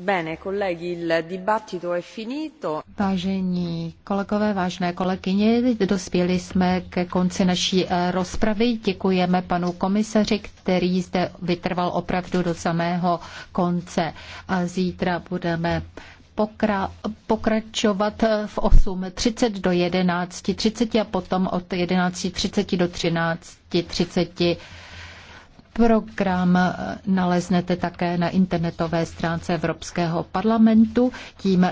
Bene, colleghi, il dibattito è Vážení kolegové, vážné kolegyně, dospěli jsme ke konci naší eh, rozpravy. Děkujeme panu komisaři, který zde vytrval opravdu do samého konce. A zítra budeme pokra- pokračovat eh, v 8.30 do 11.30 a potom od 11.30 do 13.30 Program naleznete také na internetové stránce Evropského parlamentu. Tím